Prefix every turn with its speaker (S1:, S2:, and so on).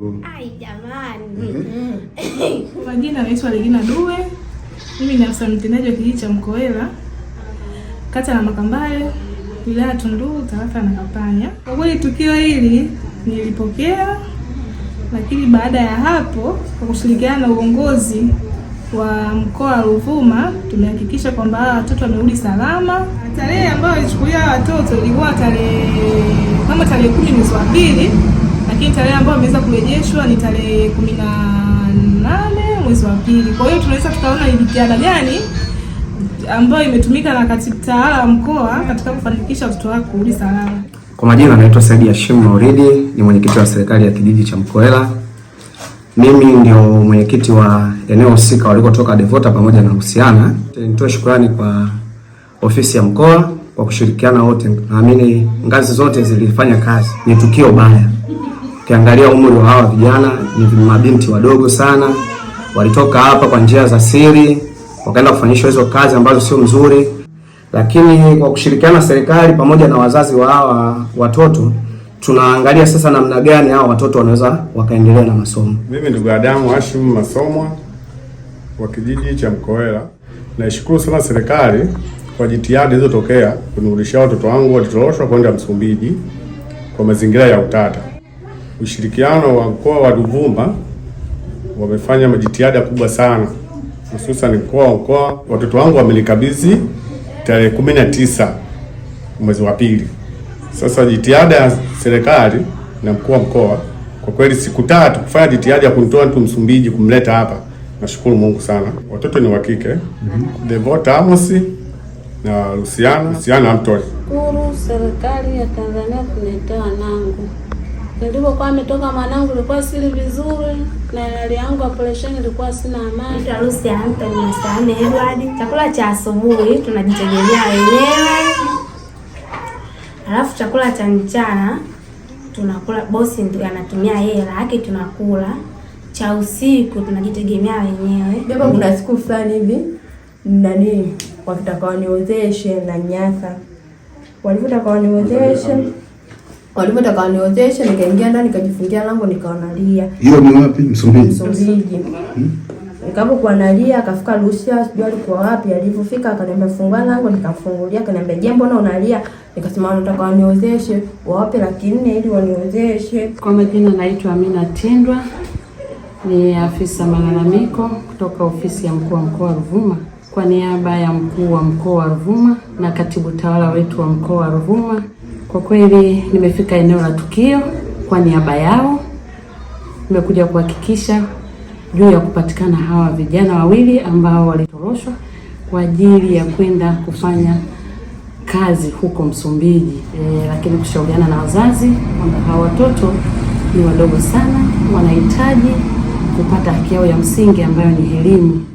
S1: Mm-hmm. Ai jamani.
S2: Mm-hmm. Kwa majina naitwa Regina Dube. Mimi ni afisa mtendaji wa kijiji cha Mkoela, kata na Makambayo, wilaya ya Tunduru, tarafa ya Nakapanya. Kwa kweli tukio hili nilipokea, lakini baada ya hapo kwa kushirikiana na uongozi wa mkoa wa Ruvuma tumehakikisha kwamba hawa watoto wamerudi salama. Tarehe ambayo ilichukuliwa watoto ilikuwa tarehe kama tarehe kumi mwezi wa pili lakini tarehe ambayo ameweza kurejeshwa ni tarehe kumi na nane mwezi wa pili. Kwa hiyo tunaweza tukaona ni jitihada gani ambayo imetumika na katibu tawala wa mkoa katika kufanikisha watoto wako kurudi salama.
S3: Kwa majina naitwa Saidi Hashim Mauridi, ni mwenyekiti wa serikali ya kijiji cha Mkoela. Mimi ndio mwenyekiti wa eneo husika walikotoka Devota pamoja na Husiana. Nitoe shukrani kwa ofisi ya mkoa kwa kushirikiana wote, naamini ngazi zote zilifanya kazi. Ni tukio baya Ukiangalia umri wa hawa vijana ni mabinti wadogo sana, walitoka hapa kwa njia za siri, wakaenda kufanyishwa hizo kazi ambazo sio mzuri, lakini kwa kushirikiana na serikali pamoja na wazazi wa hawa watoto tunaangalia sasa namna gani hawa watoto wanaweza wakaendelea na masomo.
S4: Mimi ndugu Adamu Hashim Masomwa wa kijiji cha Mkowela, naishukuru sana serikali kwa jitihada zilizotokea kunirudishia watoto wangu walitoroshwa kwenda Msumbiji kwa mazingira ya utata ushirikiano wa mkoa wa Ruvuma wamefanya majitihada kubwa sana, hususan mkoa wa mkoa. Watoto wangu wamenikabidhi tarehe kumi na tisa mwezi wa pili. Sasa jitihada ya serikali na mkuu wa mkoa kwa kweli, siku tatu kufanya jitihada ya kumtoa mtu Msumbiji kumleta hapa, nashukuru Mungu sana. Watoto ni wa kike mm -hmm. Devota Amos na Luciana Luciana Amtoi.
S5: Shukuru serikali ya Tanzania kunitoa nangu Nilipokuwa ametoka mwanangu ilikuwa sili vizuri, na hali yangu operation ilikuwa sina amani.
S6: Harusi ya Anthony na Edward, chakula cha asubuhi tunajitegemea wenyewe, alafu chakula cha mchana tunakula, bosi ndio anatumia hela yake, tunakula cha usiku tunajitegemea wenyewe.
S7: Baba, kuna siku fulani hivi nani wakitaka waniozeshe na nyasa, walipotaka waniozeshe Mwalimu nikaingia ndani nikajifungia lango Hiyo
S8: ni wapi? Msumbiji.
S7: Msumbiji. Hmm? nalia akafika Lucia, sijui alikuwa wapi. akaniambia fungua lango, nikamfungulia. Akaniambia je, mbona unalia? Nikasema nataka waniozeshe, wawape laki nne ili waniozeshe.
S9: Kwa majina naitwa Amina Tindwa, ni afisa malalamiko kutoka ofisi ya mkuu wa mkoa wa Ruvuma kwa niaba ya mkuu wa mkoa wa Ruvuma na katibu tawala wetu wa mkoa wa Ruvuma kwa kweli nimefika eneo la tukio kwa niaba yao, nimekuja kuhakikisha juu ya kupatikana hawa vijana wawili ambao walitoroshwa kwa ajili ya kwenda kufanya kazi huko Msumbiji e, lakini kushauriana na wazazi kwamba hawa watoto ni wadogo sana, wanahitaji kupata haki yao ya msingi ambayo ni elimu